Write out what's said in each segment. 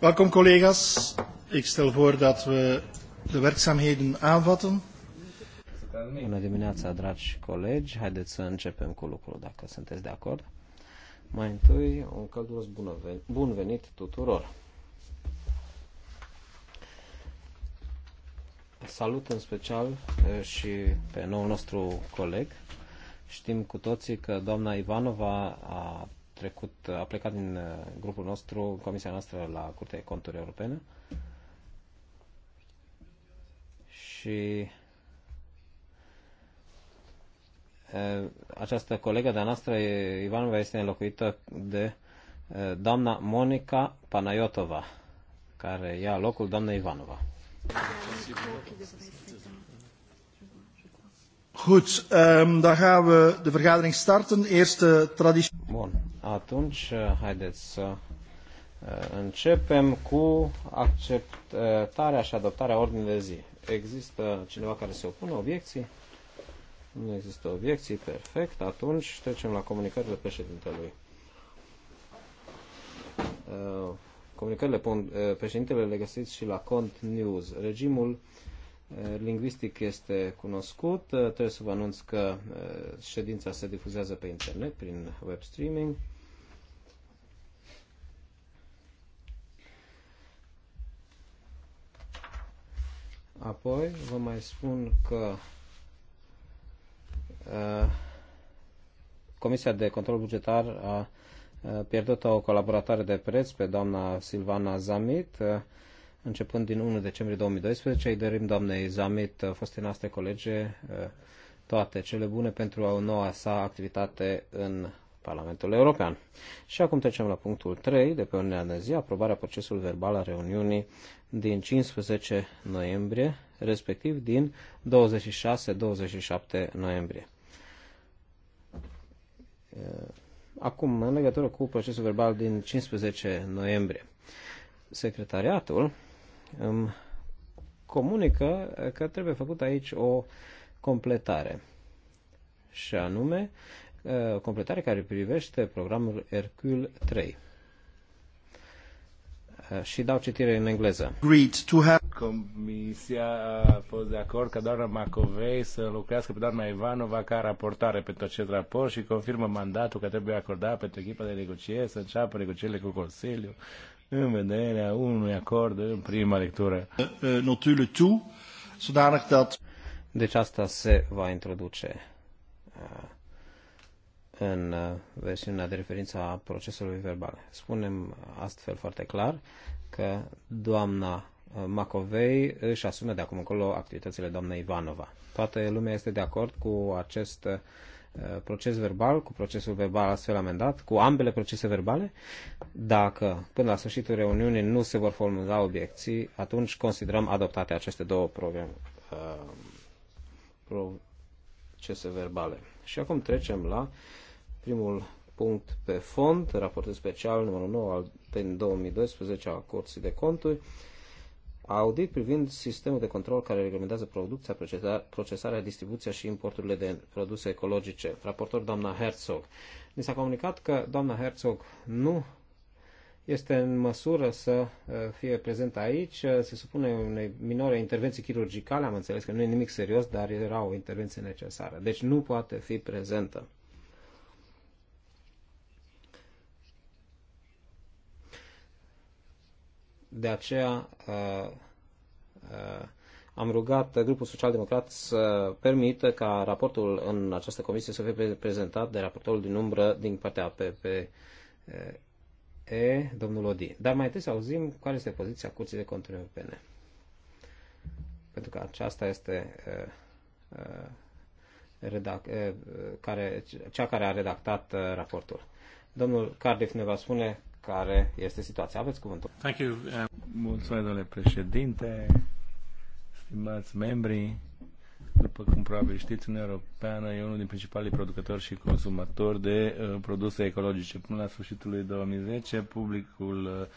Welkom collega's. Ik stel voor dat we de werkzaamheden aanvatten. Bună dimineața, dragi colegi. Haideți să începem cu lucrul, dacă sunteți de acord. Mai întâi, un călduros bun venit tuturor. Salut în special și pe noul nostru coleg. Știm cu toții că doamna Ivanova a trecut, a plecat din uh, grupul nostru, comisia noastră la Curtea de Conturi Europene și uh, această colegă de-a noastră, Ivanova, este înlocuită de uh, doamna Monica Panayotova, care ia locul doamnei Ivanova. Goed, um, dan gaan we de vergadering starten. Eerste traditie. Atunci, uh, haideți să uh, începem cu acceptarea și adoptarea ordinii de zi. Există cineva care se opune obiecții? Nu există obiecții, perfect. Atunci trecem la comunicările președintelui. Uh, comunicările președintele le găsiți și la Cont News. Regimul lingvistic este cunoscut. Trebuie să vă anunț că ședința se difuzează pe internet prin web streaming. Apoi vă mai spun că uh, Comisia de Control Bugetar a uh, pierdut o colaboratoare de preț pe doamna Silvana Zamit, uh, începând din 1 decembrie 2012. Îi dorim doamnei Zamit, uh, foste noastre colege, toate cele bune pentru o noua sa activitate în Parlamentul European. Și acum trecem la punctul 3 de pe ordinea de zi, aprobarea procesului verbal a reuniunii din 15 noiembrie, respectiv din 26-27 noiembrie. Acum, în legătură cu procesul verbal din 15 noiembrie, secretariatul îmi comunică că trebuie făcut aici o completare. Și anume, Uh, completare care privește programul Hercule 3. Uh, și dau citire în engleză. Comisia a fost de acord ca doamna Macovei să lucrească pe doamna Ivanova ca raportare pentru acest raport și confirmă mandatul că trebuie acordat pentru echipa de negociere, să înceapă negocierile cu Consiliul în vederea unui acord în prima lectură. Eh, eh, deci asta se va introduce uh, în uh, versiunea de referință a procesului verbal. Spunem astfel foarte clar că doamna uh, Macovei își asumă de acum încolo activitățile doamnei Ivanova. Toată lumea este de acord cu acest uh, proces verbal, cu procesul verbal astfel amendat, cu ambele procese verbale. Dacă până la sfârșitul reuniunii nu se vor formula obiecții, atunci considerăm adoptate aceste două programe, procese verbale. Și acum trecem la Primul punct pe fond, raportul special numărul 9 al, din 2012 a Curții de Conturi, audit privind sistemul de control care reglementează producția, procesarea, distribuția și importurile de produse ecologice. Raportor doamna Herzog. Ni s-a comunicat că doamna Herzog nu este în măsură să uh, fie prezent aici. Uh, se supune unei minore intervenții chirurgicale, am înțeles că nu e nimic serios, dar era o intervenție necesară. Deci nu poate fi prezentă. De aceea uh, uh, am rugat grupul social-democrat să permită ca raportul în această comisie să fie prezentat de raportorul din umbră din partea PPE, uh, domnul Odi. Dar mai întâi să auzim care este poziția Curții de Conturi Europene. Pentru că aceasta este care, cea care a redactat raportul. Domnul Cardiff ne va spune care este situația. Aveți cuvântul. Thank you. Uh, Mulțumesc, domnule președinte, stimați membri. După cum probabil știți, Uniunea Europeană e unul din principalii producători și consumatori de uh, produse ecologice. Până la sfârșitul lui 2010, publicul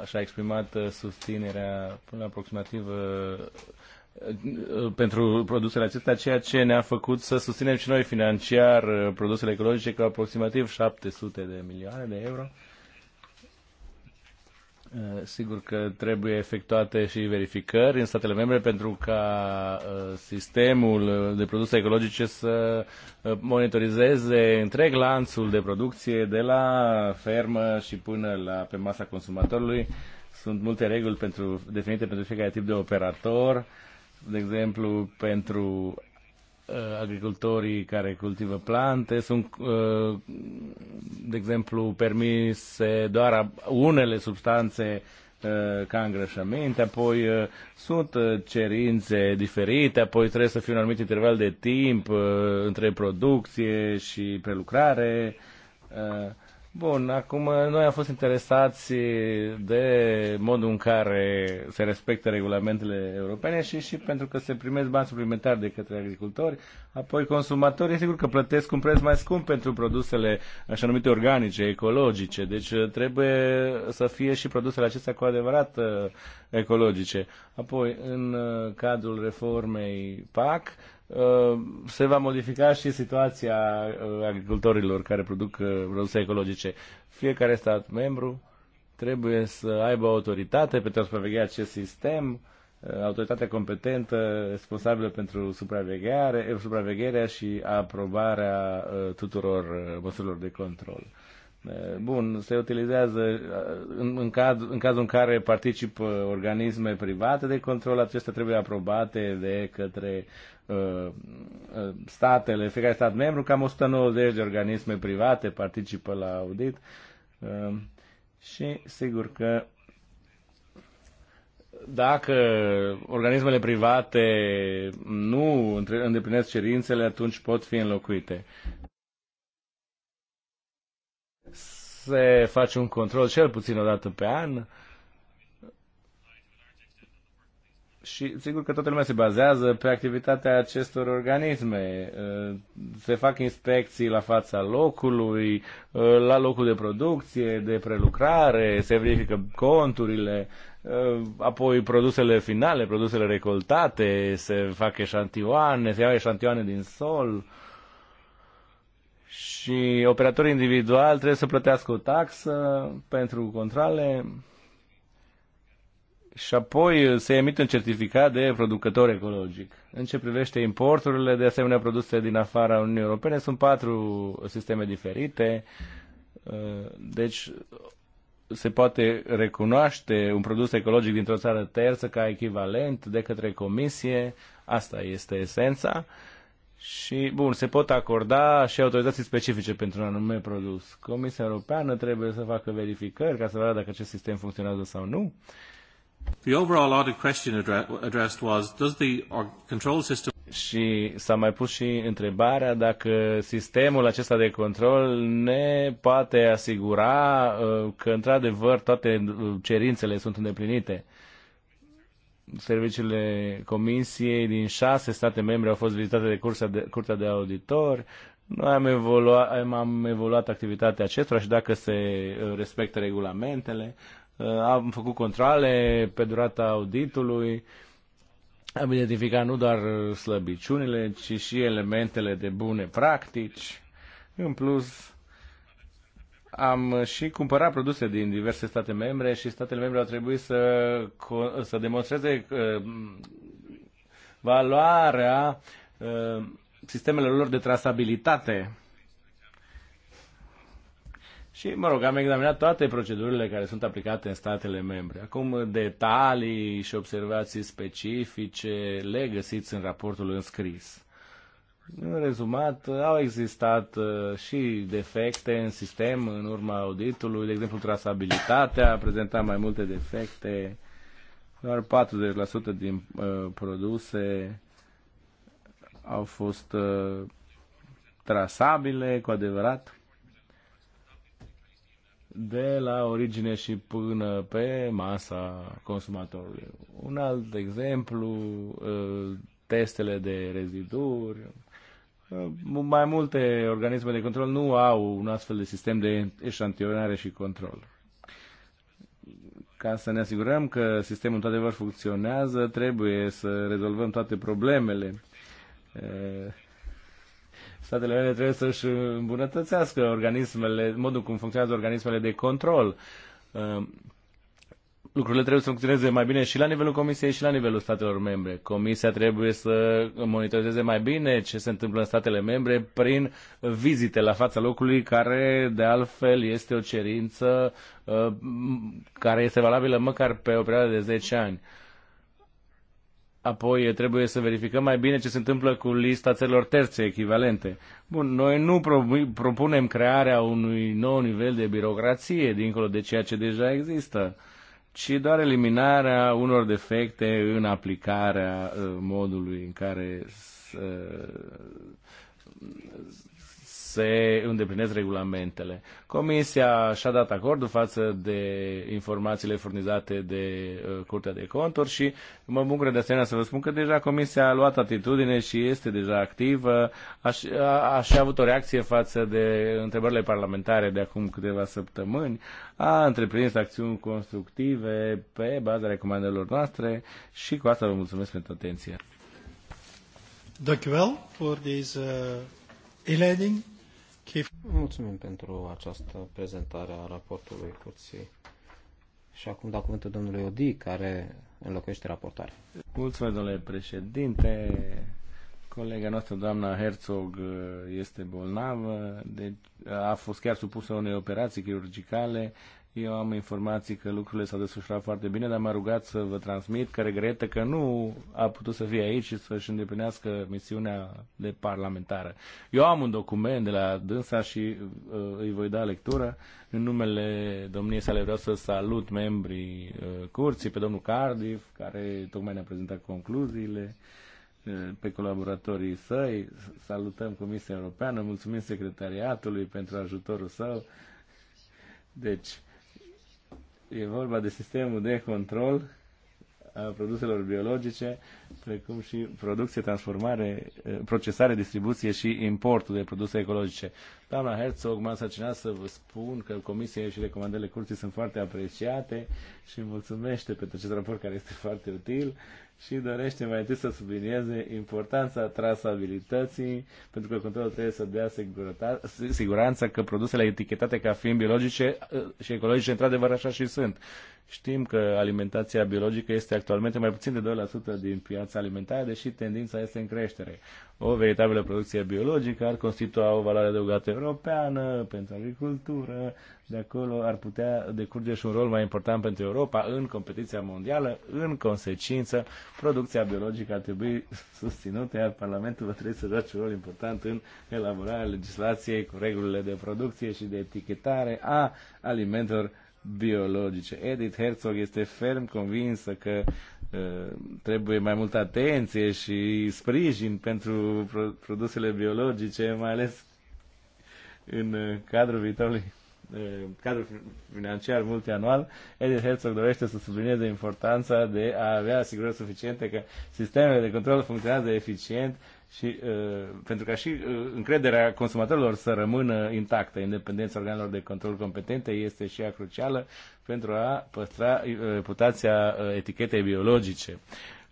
uh, și-a exprimat uh, susținerea până la aproximativ uh, uh, pentru produsele acestea, ceea ce ne-a făcut să susținem și noi financiar uh, produsele ecologice cu aproximativ 700 de milioane de euro Eh, sigur că trebuie efectuate și verificări în statele membre pentru ca eh, sistemul eh, de produse ecologice să monitorizeze întreg lanțul de producție de la fermă și până la pe masa consumatorului. Sunt multe reguli pentru, definite pentru fiecare tip de operator, de exemplu pentru Uh, agricultorii care cultivă plante, sunt, uh, de exemplu, permise doar unele substanțe uh, ca îngrășăminte, apoi sunt cerințe diferite, apoi trebuie să fie un anumit interval de timp între producție și prelucrare. Bun, acum noi am fost interesați de modul în care se respectă regulamentele europene și și pentru că se primesc bani suplimentari de către agricultori, apoi consumatorii sigur că plătesc un preț mai scump pentru produsele așa numite organice, ecologice, deci uh, trebuie să fie și produsele acestea cu adevărat uh, ecologice. Apoi, în uh, cadrul reformei PAC, Uh, se va modifica și situația uh, agricultorilor care produc uh, produse ecologice. Fiecare stat membru trebuie să aibă autoritate pentru a supraveghea acest sistem, autoritatea competentă, responsabilă pentru supraveghere, supravegherea și aprobarea tuturor măsurilor de control. Eh, bun, se utilizează eh, în, în, caz, în cazul în care participă eh, organisme private de control, acestea trebuie aprobate de către uh, statele, fiecare stat membru, cam 190 de organisme private participă la audit uh, și sigur că dacă organismele private nu îndeplinesc cerințele, atunci pot fi înlocuite. se face un control cel puțin o dată pe an și sigur că toată lumea se bazează pe activitatea acestor organisme. Uh, se fac inspecții la fața locului, uh, la locul de producție, de prelucrare, se verifică conturile, uh, apoi produsele finale, produsele recoltate, se fac eșantioane, se iau eșantioane din sol și operatorul individual trebuie să plătească o taxă pentru controle și apoi se emite un certificat de producător ecologic. În ce privește importurile, de asemenea produse din afara Uniunii Europene, sunt patru sisteme diferite, deci se poate recunoaște un produs ecologic dintr-o țară terță ca echivalent de către comisie, asta este esența. Și, bun, se pot acorda și autorizații specifice pentru un anume produs. Comisia Europeană trebuie să facă verificări ca să vadă dacă acest sistem funcționează sau nu. The overall audit question addressed was, does the control system... Și s-a mai pus și întrebarea dacă sistemul acesta de control ne poate asigura uh, că, într-adevăr, toate uh, cerințele sunt îndeplinite serviciile comisiei din șase state membre au fost vizitate de, cursa de Curtea de Auditori. Noi am evoluat, am evoluat activitatea acestora și dacă se uh, respectă regulamentele, uh, am făcut controle pe durata auditului, am identificat nu doar slăbiciunile, ci și elementele de bune practici. În plus, am și cumpărat produse din diverse state membre și statele membre au trebuit să, să demonstreze uh, valoarea uh, sistemelor lor de trasabilitate. Și, mă rog, am examinat toate procedurile care sunt aplicate în statele membre. Acum, detalii și observații specifice le găsiți în raportul înscris. În rezumat, au existat uh, și defecte în sistem în urma auditului, de exemplu trasabilitatea a prezentat mai multe defecte, doar 40% din uh, produse au fost uh, trasabile cu adevărat de la origine și până pe masa consumatorului. Un alt exemplu, uh, testele de reziduri, mai multe organisme de control nu au un astfel de sistem de eșantionare și control. Ca să ne asigurăm că sistemul într-adevăr funcționează, trebuie să rezolvăm toate problemele. Statele membre trebuie să-și îmbunătățească organismele, modul cum funcționează organismele de control lucrurile trebuie să funcționeze mai bine și la nivelul Comisiei și la nivelul statelor membre. Comisia trebuie să monitorizeze mai bine ce se întâmplă în statele membre prin vizite la fața locului, care de altfel este o cerință uh, care este valabilă măcar pe o perioadă de 10 ani. Apoi trebuie să verificăm mai bine ce se întâmplă cu lista țărilor terțe echivalente. Bun, noi nu propunem crearea unui nou nivel de birocrație dincolo de ceea ce deja există ci doar eliminarea unor defecte în aplicarea uh, modului în care se îndeplinesc regulamentele. Comisia și-a dat acordul față de informațiile furnizate de uh, Curtea de Conturi și mă bucur de asemenea să vă spun că deja Comisia a luat atitudine și este deja activă. a, a și avut o reacție față de întrebările parlamentare de acum câteva săptămâni. A întreprins acțiuni constructive pe baza recomandărilor noastre și cu asta vă mulțumesc pentru atenție. Dank u wel voor deze uh, inleiding. Mulțumim pentru această prezentare a raportului Curții. Și acum dau cuvântul domnului Odi, care înlocuiește raportare. Mulțumesc, domnule președinte. Colega noastră, doamna Herzog, este bolnavă, deci a fost chiar supusă unei operații chirurgicale eu am informații că lucrurile s-au desfășurat foarte bine, dar m-a rugat să vă transmit că regretă că nu a putut să fie aici și să-și îndeplinească misiunea de parlamentară. Eu am un document de la dânsa și uh, îi voi da lectură. În numele domniei sale vreau să salut membrii uh, curții, pe domnul Cardiff, care tocmai ne-a prezentat concluziile uh, pe colaboratorii săi, salutăm Comisia Europeană, mulțumim secretariatului pentru ajutorul său. Deci, E vorba de sistemul de control a produselor biologice, precum și producție, transformare, procesare, distribuție și importul de produse ecologice. Doamna Herzog m-a sacinat să vă spun că comisia și recomandările curții sunt foarte apreciate și mulțumește pentru acest raport care este foarte util și dorește mai întâi să sublinieze importanța trasabilității, pentru că controlul trebuie să dea siguranța că produsele etichetate ca fiind biologice uh, și ecologice, într-adevăr, așa și sunt. Știm că alimentația biologică este actualmente mai puțin de 2% din piața alimentară, deși tendința este în creștere. O veritabilă producție biologică ar constitua o valoare adăugată europeană pentru agricultură, de acolo ar putea decurge și un rol mai important pentru Europa în competiția mondială. În consecință, producția biologică ar trebui susținută, iar Parlamentul trebuie să joace un rol important în elaborarea legislației cu regulile de producție și de etichetare a alimentelor biologice. Edith Herzog este ferm convinsă că uh, trebuie mai multă atenție și sprijin pentru produsele biologice, mai ales în uh, cadrul viitorului cadrul financiar multianual, Edith Herzog dorește să sublinieze importanța de a avea asigurări suficiente că sistemele de control funcționează eficient și uh, pentru ca și uh, încrederea consumatorilor să rămână intactă. Independența organelor de control competente este și ea crucială pentru a păstra reputația uh, etichetei biologice.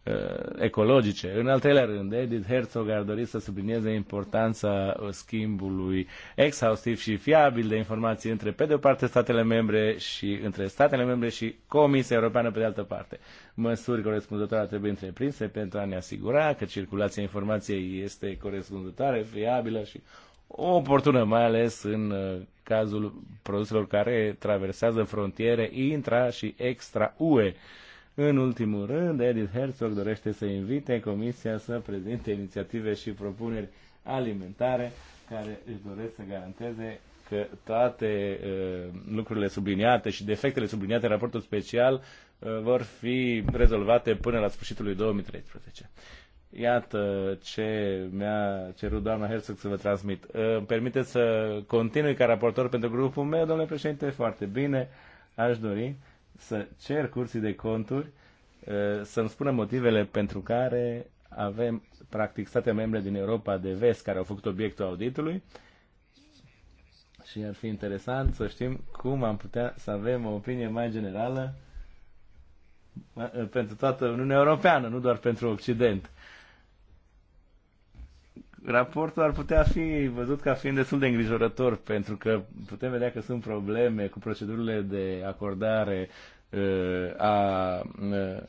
Uh, ecologice. În al treilea rând, Edith Herzog ar dori să sublinieze importanța uh, schimbului exhaustiv și fiabil de informații între, pe de o parte, statele membre și între statele membre și Comisia Europeană, pe de altă parte. Măsuri corespunzătoare trebuie întreprinse pentru a ne asigura că circulația informației este corespunzătoare, fiabilă și oportună, mai ales în uh, cazul produselor care traversează frontiere intra și extra UE în ultimul rând, Edith Herzog dorește să invite Comisia să prezinte inițiative și propuneri alimentare care își doresc să garanteze că toate uh, lucrurile subliniate și defectele subliniate în raportul special uh, vor fi rezolvate până la sfârșitul lui 2013. Iată ce mi-a cerut doamna Herzog să vă transmit. Uh, îmi permite să continui ca raportor pentru grupul meu, domnule președinte, foarte bine. Aș dori să cer cursii de conturi uh, să-mi spună motivele pentru care avem, practic, state membre din Europa de vest care au făcut obiectul auditului și ar fi interesant să știm cum am putea să avem o opinie mai generală uh, pentru toată Uniunea Europeană, nu doar pentru Occident raportul ar putea fi văzut ca fiind destul de îngrijorător, pentru că putem vedea că sunt probleme cu procedurile de acordare uh, a uh,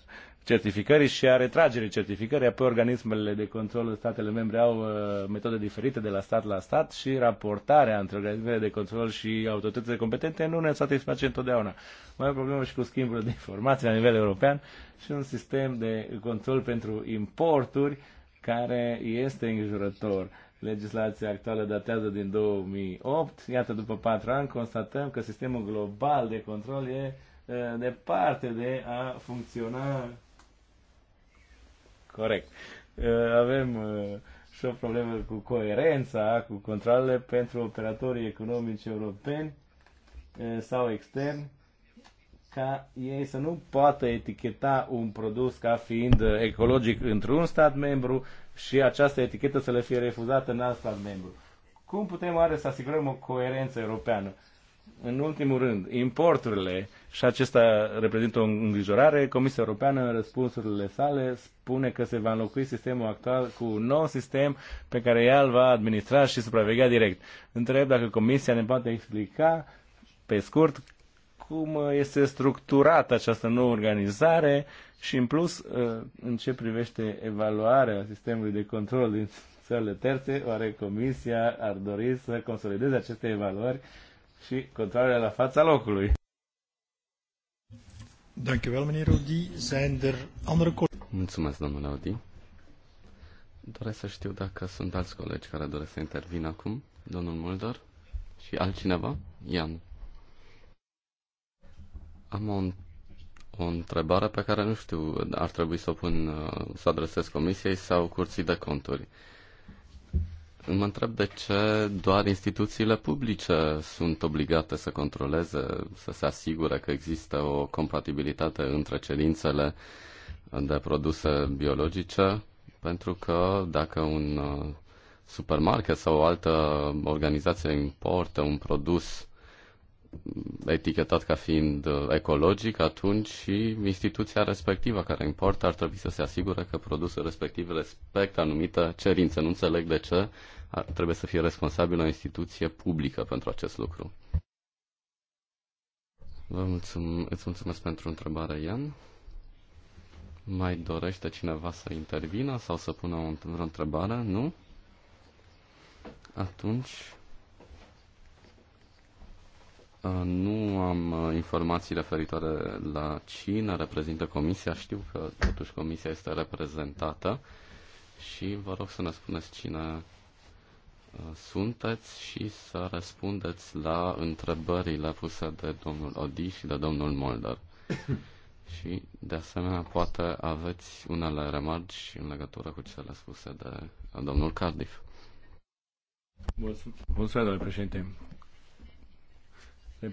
certificării și a retragerii certificării, apoi organismele de control în statele membre au uh, metode diferite de la stat la stat și raportarea între organismele de control și autoritățile competente nu ne satisface întotdeauna. Mai e o problemă și cu schimbul de informații la nivel european și un sistem de control pentru importuri care este îngrijorător. Legislația actuală datează din 2008, iată după patru ani constatăm că sistemul global de control e departe de a funcționa corect. Avem și o problemă cu coerența, cu controlele pentru operatorii economici europeni sau externi ca ei să nu poată eticheta un produs ca fiind ecologic într-un stat membru și această etichetă să le fie refuzată în alt stat membru. Cum putem oare să asigurăm o coerență europeană? În ultimul rând, importurile, și acesta reprezintă o îngrijorare, Comisia Europeană în răspunsurile sale spune că se va înlocui sistemul actual cu un nou sistem pe care ea îl va administra și supraveghea direct. Întreb dacă Comisia ne poate explica pe scurt, cum uh, este structurată această nouă organizare și, în plus, uh, în ce privește evaluarea sistemului de control din țările terțe, oare Comisia ar dori să consolideze aceste evaluări și controlele la fața locului? Er Mulțumesc, domnule Audi. Doresc să știu dacă sunt alți colegi care doresc să intervină acum, domnul Mulder și altcineva, Ian am o, o întrebare pe care nu știu, ar trebui să o pun, uh, să adresez comisiei sau curții de conturi. Mă întreb de ce doar instituțiile publice sunt obligate să controleze, să se asigure că există o compatibilitate între cerințele de produse biologice, pentru că dacă un uh, supermarket sau o altă organizație importă un produs etichetat ca fiind uh, ecologic, atunci și instituția respectivă care importă ar trebui să se asigure că produsul respectiv respectă anumită cerință. Nu înțeleg de ce ar, trebuie să fie responsabilă o instituție publică pentru acest lucru. Vă mulțum- îți mulțumesc pentru întrebare, Ian. Mai dorește cineva să intervină sau să pună o, vreo întrebare? Nu? Atunci Uh, nu am uh, informații referitoare la cine reprezintă comisia. Știu că totuși comisia este reprezentată și vă rog să ne spuneți cine uh, sunteți și să răspundeți la întrebările puse de domnul Odi și de domnul Molder. și, de asemenea, poate aveți unele remarci în legătură cu cele spuse de domnul Cardiff. Mulțumesc, domnule președinte.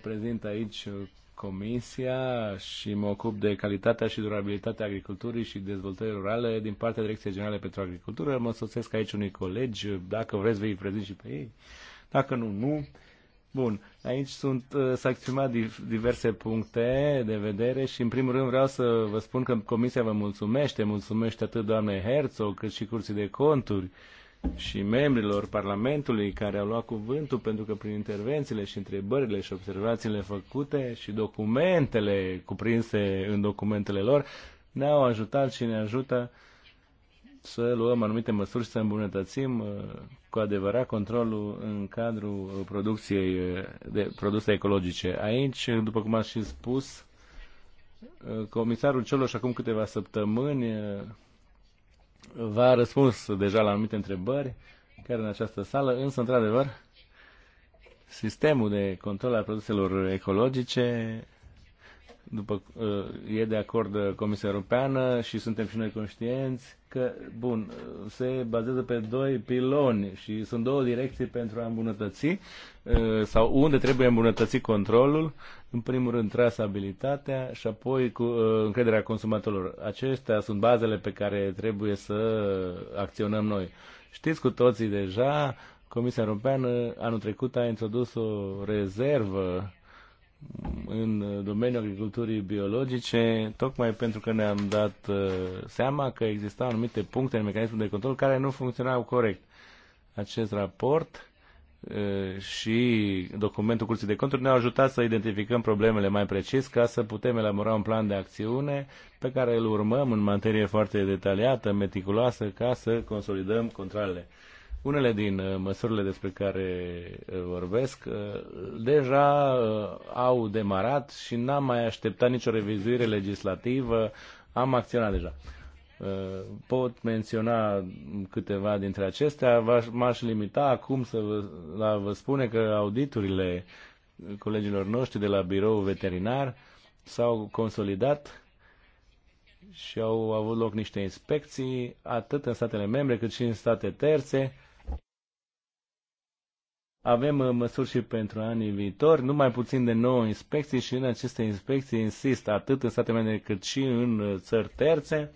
Prezintă aici uh, Comisia și mă ocup de calitatea și durabilitatea agriculturii și dezvoltării rurale din partea Direcției Generale pentru Agricultură. Mă soțesc aici unii colegi, dacă vreți vei prezint și pe ei, dacă nu, nu. Bun, aici sunt, uh, s-a exprimat diverse puncte de vedere și în primul rând vreau să vă spun că Comisia vă mulțumește, mulțumește atât doamne Herzog cât și Curții de Conturi și membrilor Parlamentului care au luat cuvântul, pentru că prin intervențiile și întrebările și observațiile făcute și documentele cuprinse în documentele lor ne-au ajutat și ne ajută să luăm anumite măsuri și să îmbunătățim uh, cu adevărat controlul în cadrul producției uh, de produse ecologice. Aici, după cum am și spus, uh, comisarul Cioloș acum câteva săptămâni v-a răspuns deja la anumite întrebări care în această sală, însă, într-adevăr, sistemul de control al produselor ecologice după, uh, e de acord uh, Comisia Europeană și suntem și noi conștienți că, bun, uh, se bazează pe doi piloni și sunt două direcții pentru a îmbunătăți sau unde trebuie îmbunătăți controlul, în primul rând trasabilitatea și apoi cu încrederea consumatorilor. Acestea sunt bazele pe care trebuie să acționăm noi. Știți cu toții deja, Comisia Europeană anul trecut a introdus o rezervă în domeniul agriculturii biologice, tocmai pentru că ne-am dat uh, seama că existau anumite puncte în mecanismul de control care nu funcționau corect. Acest raport uh, și documentul Curții de Conturi ne-au ajutat să identificăm problemele mai precis ca să putem elabora un plan de acțiune pe care îl urmăm în materie foarte detaliată, meticuloasă, ca să consolidăm controlele. Unele din uh, măsurile despre care uh, vorbesc uh, deja au demarat și n-am mai așteptat nicio revizuire legislativă, am acționat deja. Pot menționa câteva dintre acestea, m-aș limita acum să vă, la vă spune că auditurile colegilor noștri de la birou veterinar s-au consolidat și au avut loc niște inspecții atât în statele membre cât și în state terțe avem uh, măsuri și pentru anii viitori, numai puțin de 9 inspecții și în aceste inspecții insist atât în state membre cât și în uh, țări terțe,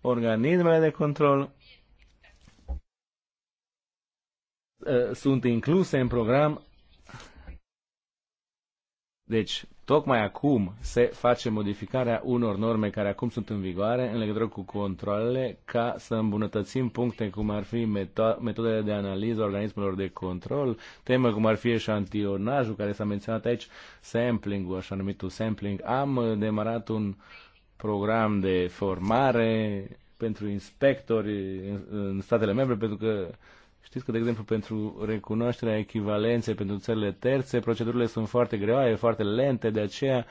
organismele de control uh, sunt incluse în program deci, tocmai acum se face modificarea unor norme care acum sunt în vigoare în legătură cu controlele ca să îmbunătățim puncte cum ar fi meto- metodele de analiză organismelor de control, temă cum ar fi eșantionajul care s-a menționat aici, sampling-ul, așa numitul sampling. Am demarat un program de formare pentru inspectori în statele membre pentru că Știți că, de exemplu, pentru recunoașterea echivalenței pentru țările terțe, procedurile sunt foarte greoaie, foarte lente, de aceea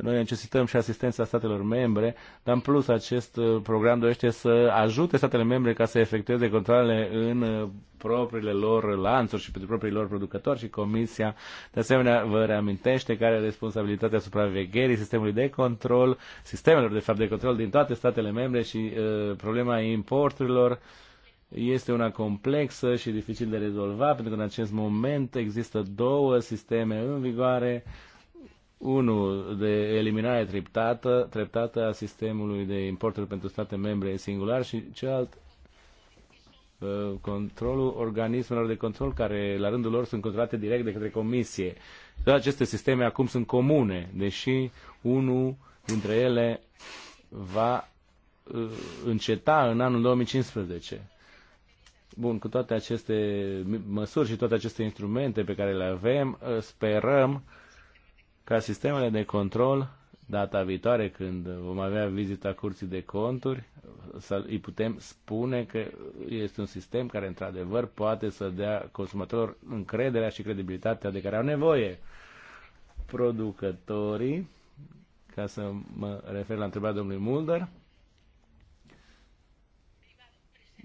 noi necesităm și asistența statelor membre, dar în plus acest program dorește să ajute statele membre ca să efectueze controlele în propriile lor lanțuri și pentru proprii lor producători și Comisia de asemenea vă reamintește care are responsabilitatea supravegherii sistemului de control, sistemelor de fapt de control din toate statele membre și uh, problema importurilor uh, este una complexă și dificil de rezolvat, pentru că în acest moment există două sisteme în vigoare, unul de eliminare treptată, treptată a sistemului de importuri pentru state membre singular și celălalt uh, controlul organismelor de control care la rândul lor sunt controlate direct de către comisie. Toate aceste sisteme acum sunt comune, deși unul dintre ele va uh, înceta în anul 2015. Bun, cu toate aceste măsuri și toate aceste instrumente pe care le avem, uh, sperăm ca sistemele de control data viitoare când vom avea vizita curții de conturi, să îi putem spune că este un sistem care într-adevăr poate să dea consumatorilor încrederea și credibilitatea de care au nevoie. Producătorii, ca să mă refer la întrebarea domnului Mulder,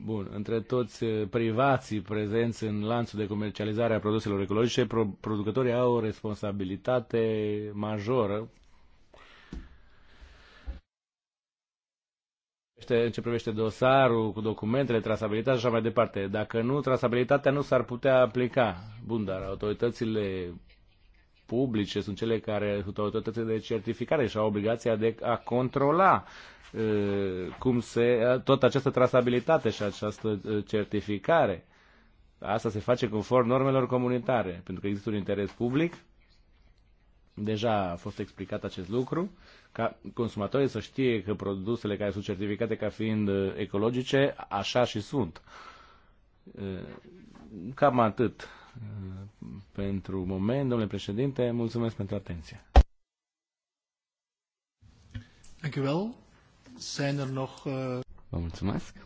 Bun, între toți eh, privații prezenți în lanțul de comercializare a produselor ecologice, pro- producătorii au o responsabilitate majoră în ce privește dosarul cu documentele, trasabilitatea și așa mai departe. Dacă nu, trasabilitatea nu s-ar putea aplica. Bun, dar autoritățile publice sunt cele care, autoritățile de certificare, și au obligația de a controla cum se, tot această trasabilitate și această certificare. Asta se face conform normelor comunitare, pentru că există un interes public. Deja a fost explicat acest lucru, ca consumatorii să știe că produsele care sunt certificate ca fiind ecologice, așa și sunt. Cam atât pentru moment. Domnule președinte, mulțumesc pentru atenție. Uh... Vă mulțumesc.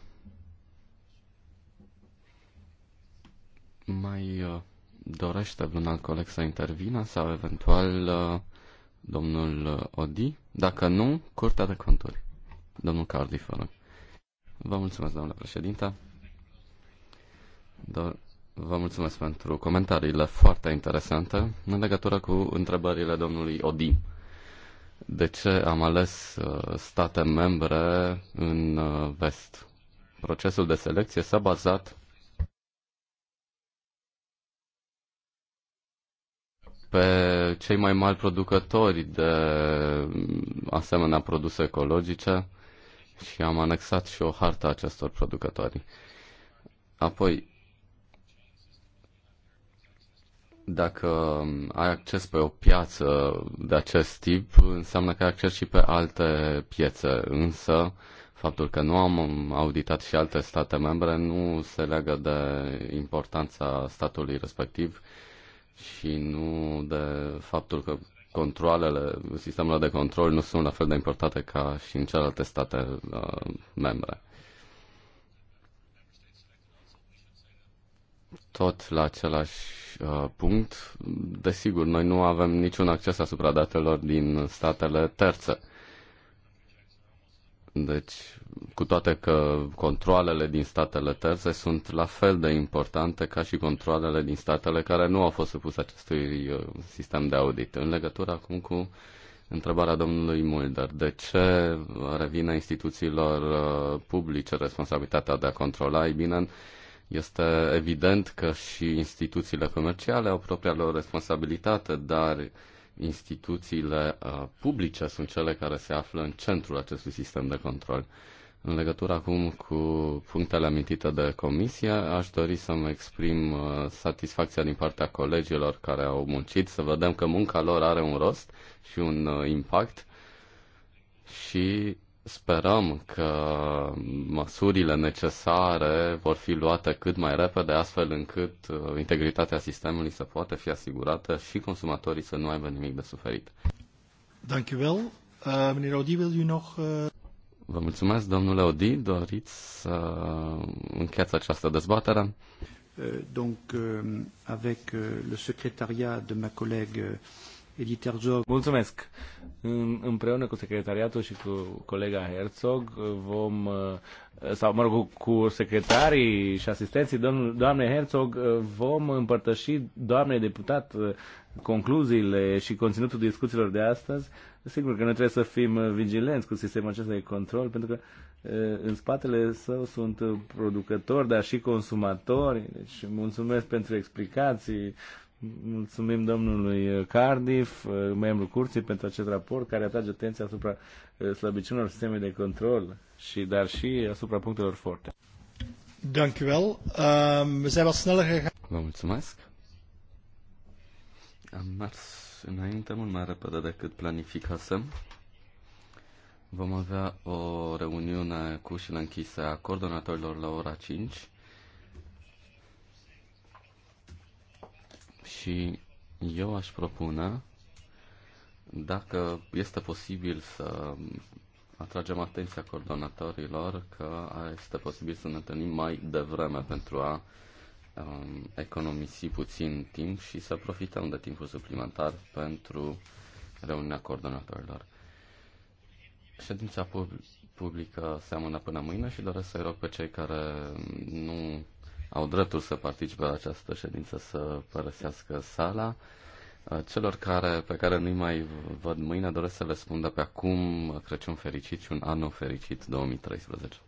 Mai uh, dorește un alt coleg să intervină sau eventual uh, domnul Odi? Dacă nu, Curtea de Conturi. Domnul Cardiff, vă Vă mulțumesc, domnule președinte. Do- Vă mulțumesc pentru comentariile foarte interesante în legătură cu întrebările domnului Odi. De ce am ales uh, state membre în uh, vest? Procesul de selecție s-a bazat pe cei mai mari producători de mm, asemenea produse ecologice și am anexat și o hartă a acestor producători. Apoi, Dacă ai acces pe o piață de acest tip, înseamnă că ai acces și pe alte piețe, însă faptul că nu am auditat și alte state membre nu se leagă de importanța statului respectiv și nu de faptul că controlele, sistemele de control nu sunt la fel de importante ca și în celelalte state uh, membre. Tot la același uh, punct, desigur, noi nu avem niciun acces asupra datelor din statele terțe. Deci, cu toate că controlele din statele terțe sunt la fel de importante ca și controlele din statele care nu au fost supuse acestui uh, sistem de audit. În legătură acum cu întrebarea domnului Mulder, de ce revine instituțiilor uh, publice responsabilitatea de a controla? Ei bine, este evident că și instituțiile comerciale au propria lor responsabilitate, dar instituțiile uh, publice sunt cele care se află în centrul acestui sistem de control. În legătură acum cu punctele amintite de comisie, aș dori să-mi exprim uh, satisfacția din partea colegilor care au muncit, să vedem că munca lor are un rost și un uh, impact și Sperăm că măsurile necesare vor fi luate cât mai repede, astfel încât uh, integritatea sistemului să poată fi asigurată și consumatorii să nu aibă nimic de suferit. Eh, eh, Vă mulțumesc, domnule Odi. Doriți să încheiați această dezbatere? Eh, donc, avec le secrétariat de ma collègue Editor Job. Mulțumesc! Împreună cu secretariatul și cu colega Herzog uh, vom, uh, sau mă rog, cu secretarii și asistenții doamnei Herzog uh, vom împărtăși doamne deputat concluziile și conținutul discuțiilor de astăzi. Sigur că noi trebuie să fim vigilenți cu sistemul acesta de control, pentru că în spatele său sunt producători, dar și consumatori. Deci mulțumesc pentru explicații Mulțumim domnului Cardiff, uh, membru curții, pentru acest raport care atrage atenția asupra uh, slăbiciunilor sistemului de control, și dar și asupra punctelor forte. Ehm, Vă mulțumesc. Am mers înainte mult mai repede decât planificasem. Vom avea o reuniune cu ușile închise a coordonatorilor la ora 5 Și eu aș propune, dacă este posibil să atragem atenția coordonatorilor că este posibil să ne întâlnim mai devreme pentru a um, economisi puțin timp și să profităm de timpul suplimentar pentru reuniunea coordonatorilor. Ședința pub- publică seamănă până mâine și doresc să-i rog pe cei care nu au dreptul să participe la această ședință să părăsească sala. Celor care, pe care nu-i mai văd mâine doresc să le spun de pe acum Crăciun fericit și un an fericit 2013.